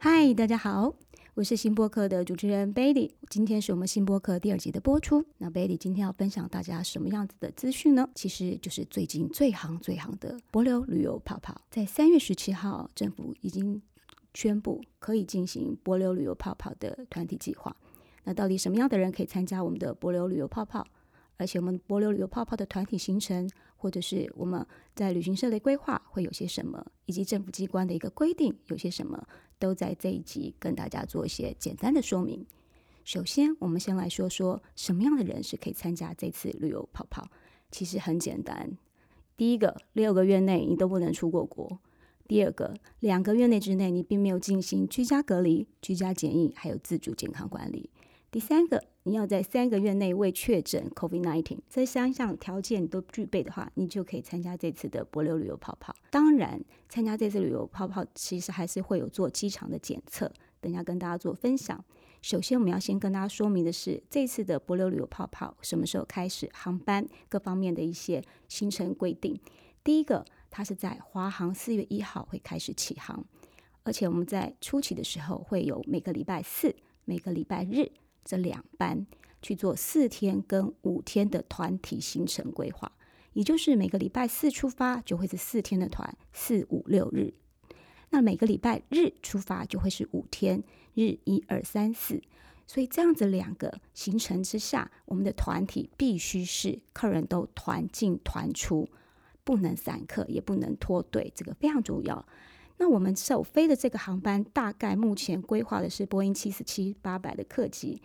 嗨，Hi, 大家好，我是新播客的主持人 b 貝 y 今天是我們新播客第二集的播出。那貝 y 今天要分享大家什麼樣子的資訊呢？其實就是最近最夯最夯的帛琉旅遊泡泡。在三月十七號，政府已經宣布可以進行帛琉旅遊泡泡的團體計劃。那到底什麼樣的人可以參加我們的帛琉旅遊泡泡？而且我們帛琉旅遊泡泡的團體行程，或者是我們在旅行社的規劃會有些什麼，以及政府機關的一個規定有些什麼，都在這一集跟大家做一些簡單的說明。首先，我們先來說說什麼樣的人是可以參加這次旅遊泡泡。其實很簡單，第一個，六個月內你都不能出過國；第二個，兩個月內之內你並沒有進行居家隔離、居家檢疫，還有自主健康管理。第三個，你要在三個月內未確診 COVID-19，這三項條件你都具備的話，你就可以參加這次的帛琉旅遊泡泡。當然，參加這次旅遊泡泡其實還是會有做機場的檢測，等下跟大家做分享。首先，我們要先跟大家說明的是，這次的帛琉旅遊泡泡什麼時候開始？航班各方面的一些行程規定。第一個，它是在華航四月一號會開始起航，而且我們在初期的時候會有每個禮拜四、每個禮拜日。這兩班去做四天跟五天的團體行程規劃，也就是每個禮拜四出發就會是四天的團，四五六日；那每個禮拜日出發就會是五天，日一二三四。所以這樣子兩個行程之下，我們的團體必須是客人都團進團出，不能散客，也不能脫隊，這個非常重要。那我們首飛的這個航班，大概目前規劃的是波音七四七八百的客機。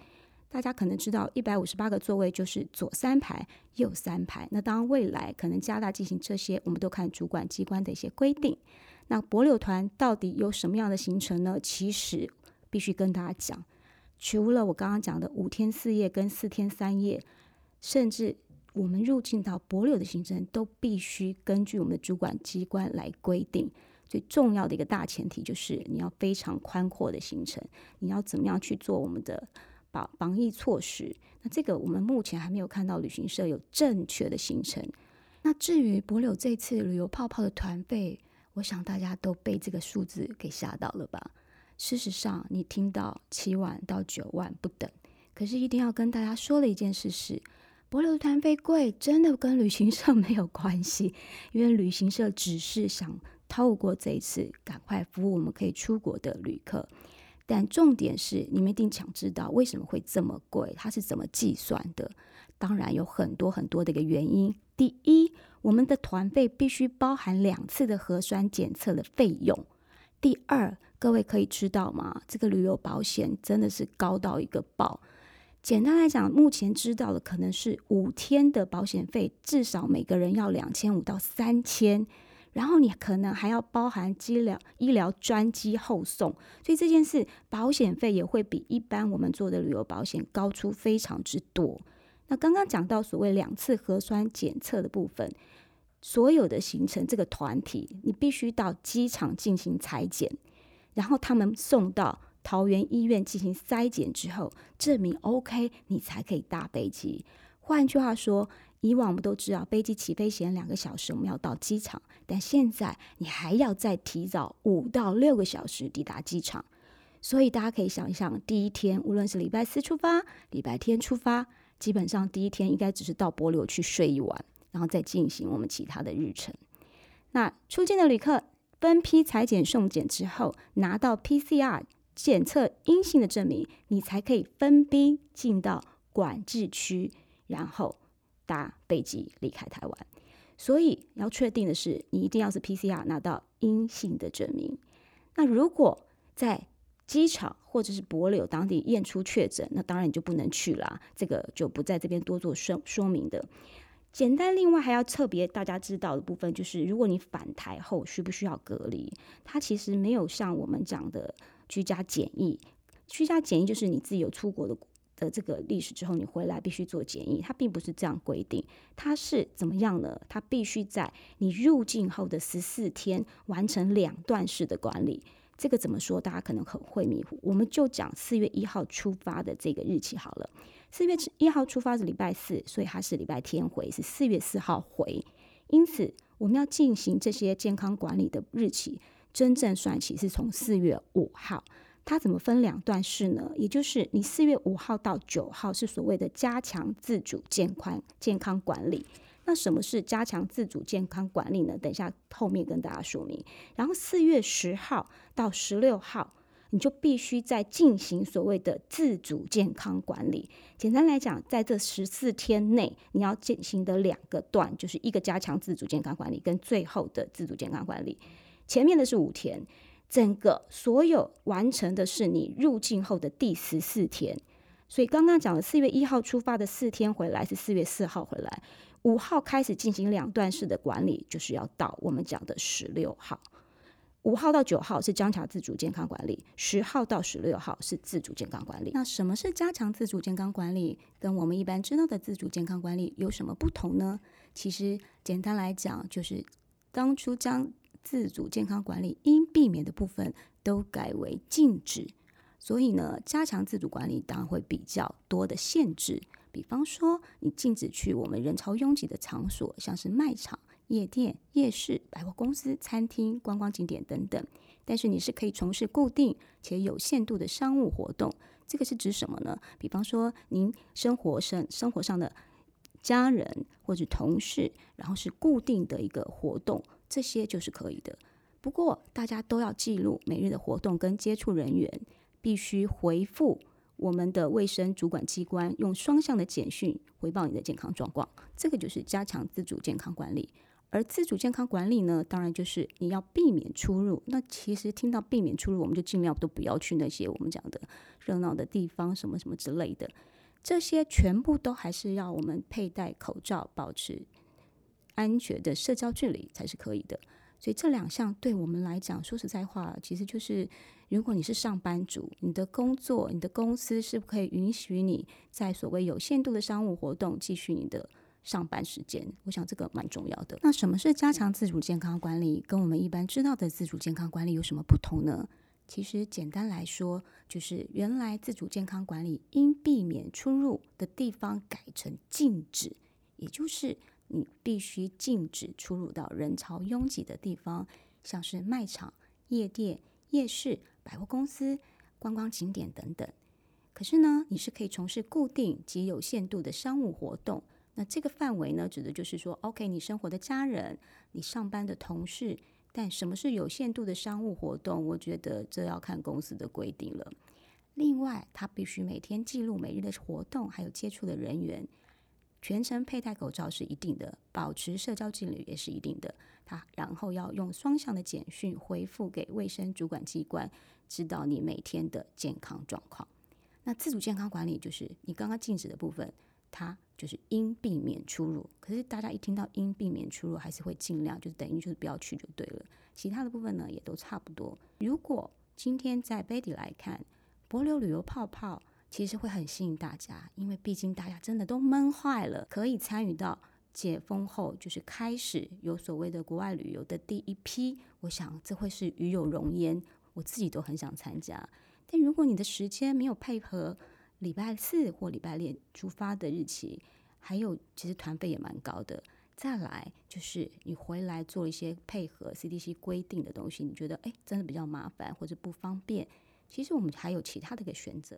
大家可能知道，一百五十八個座位就是左三排，右三排。那當然未來可能加大進行這些，我們都看主管機關的一些規定。那帛琉團到底有什麼樣的行程呢？其實必須跟大家講，除了我剛剛講的五天四夜跟四天三夜，甚至我們入境到帛琉的行程都必須根據我們的主管機關來規定。最重要的一個大前提就是，你要非常寬闊的行程，你要怎麼樣去做我們的？防防疫措施，那這個我們目前還沒有看到旅行社有正確的行程。那至於帛琉這次旅遊泡泡的團費，我想大家都被這個數字給嚇到了吧？事實上，你聽到七萬到九萬不等，可是一定要跟大家說的一件事是，帛琉團費貴，真的跟旅行社沒有關係，因為旅行社只是想透過這一次趕快服務我們可以出國的旅客。但重點是，你們一定想知道為什麼會這麼貴，它是怎麼計算的？當然有很多很多的一個原因。第一，我們的團費必須包含兩次的核酸檢測的費用。第二，各位可以知道嗎？這個旅遊保險真的是高到一個爆。簡單來講，目前知道的可能是五天的保險費，至少每個人要兩千五到三千。然後你可能還要包含醫療醫療專機後送，所以這件事保險費也會比一般我們做的旅遊保險高出非常之多。那剛剛講到所謂兩次核酸檢測的部分，所有的行程這個團體，你必須到機場進行採檢，然後他們送到桃園醫院進行篩檢之後，證明 OK，你才可以搭飛機。換句話說，以往我們都知道飛機起飛前兩個小時我們要到機場，但現在你還要再提早五到六個小時抵達機場。所以大家可以想一想，第一天無論是禮拜四出發、禮拜天出發，基本上第一天應該只是到帛琉去睡一晚，然後再進行我們其他的日程。那出境的旅客分批採檢送檢之後，拿到 PCR 檢測陰性的證明，你才可以分批進到管制區。然後搭飛機離開台灣，所以要確定的是，你一定要是 PCR 拿到陰性的證明。那如果在機場或者是帛琉當地驗出確診，那當然你就不能去了。這個就不在這邊多做說說明的。簡單，另外還要特別大家知道的部分就是，如果你返台後需不需要隔離？它其實沒有像我們講的居家檢疫，居家檢疫就是你自己有出國的，的這個歷史之後，你回來必須做檢疫。它並不是這樣規定，它是怎麼樣呢？它必須在你入境後的十四天完成兩段式的管理。這個怎麼說？大家可能很會迷糊。我們就講四月一號出發的這個日期好了。四月一號出發是禮拜四，所以它是禮拜天回，是四月四號回。因此，我們要進行這些健康管理的日期，真正算起是從四月五號。它怎麼分兩段式呢？也就是你四月五號到九號是所謂的加強自主健康健康管理，那什麼是加強自主健康管理呢？等一下後面跟大家說明。然後四月十號到十六號，你就必須再進行所謂的自主健康管理。簡單來講，在這十四天內，你要進行的兩個段，就是一個加強自主健康管理，跟最後的自主健康管理。前面的是五天。整個所有完成的是你入境後的第十四天，所以剛剛講了四月一號出發的四天回來是四月四號回來，五號開始進行兩段式的管理，就是要到我們講的十六號。五號到九號是加強自主健康管理，十號到十六號是自主健康管理。那什麼是加強自主健康管理？跟我們一般知道的自主健康管理有什麼不同呢？其實簡單來講，就是當初將。自主健康管理應避免的部分都改為禁止，所以呢，加強自主管理當然會比較多的限制。比方說，你禁止去我們人潮擁擠的場所，像是賣場、夜店、夜市、百貨公司、餐廳、觀光景點等等。但是你是可以從事固定且有限度的商務活動。這個是指什麼呢？比方說，您生活生生活上的，家人或者同事，然後是固定的一個活動，這些就是可以的。不過大家都要記錄每日的活動跟接觸人員，必須回復我們的衛生主管機關，用雙向的簡訊回報你的健康狀況。這個就是加強自主健康管理。而自主健康管理呢，當然就是你要避免出入。那其實聽到避免出入，我們就盡量都不要去那些我們講的熱鬧的地方，什麼什麼之類的。這些全部都還是要我們佩戴口罩，保持安全的社交距離才是可以的。所以這兩項對我們來講，說實在話，其實就是如果你是上班族，你的工作、你的公司是不可以允許你在所謂有限度的商務活動繼續你的上班時間。我想這個蠻重要的。那什麼是加強自主健康管理？跟我們一般知道的自主健康管理有什麼不同呢？其實簡單來說，就是原來自主健康管理應避免出入的地方改成禁止，也就是你必須禁止出入到人潮擁擠的地方，像是賣場、夜店、夜市、百貨公司、觀光景點等等。可是呢，你是可以從事固定及有限度的商務活動。那這個範圍呢，指的就是說，OK，你生活的家人、你上班的同事。但什麼是有限度的商務活動？我覺得這要看公司的規定了。另外，他必須每天記錄每日的活動，還有接觸的人員，全程佩戴口罩是一定的，保持社交距離也是一定的。他然後要用雙向的簡訊回復給衛生主管機關，知道你每天的健康狀況。那自主健康管理就是你剛剛禁止的部分。它就是應避免出入，可是大家一聽到應避免出入，還是會盡量就是等於就是不要去就對了。其他的部分呢也都差不多。如果今天在杯底來看，帛琉旅遊泡泡其實會很吸引大家，因為畢竟大家真的都悶壞了，可以參與到解封後就是開始有所謂的國外旅遊的第一批，我想這會是與有榮焉，我自己都很想參加。但如果你的時間沒有配合，禮拜四或禮拜六出發的日期，還有其實團費也蠻高的。再來就是你回來做一些配合 CDC 規定的東西，你覺得誒、欸、真的比較麻煩或者不方便？其實我們還有其他的一個選擇。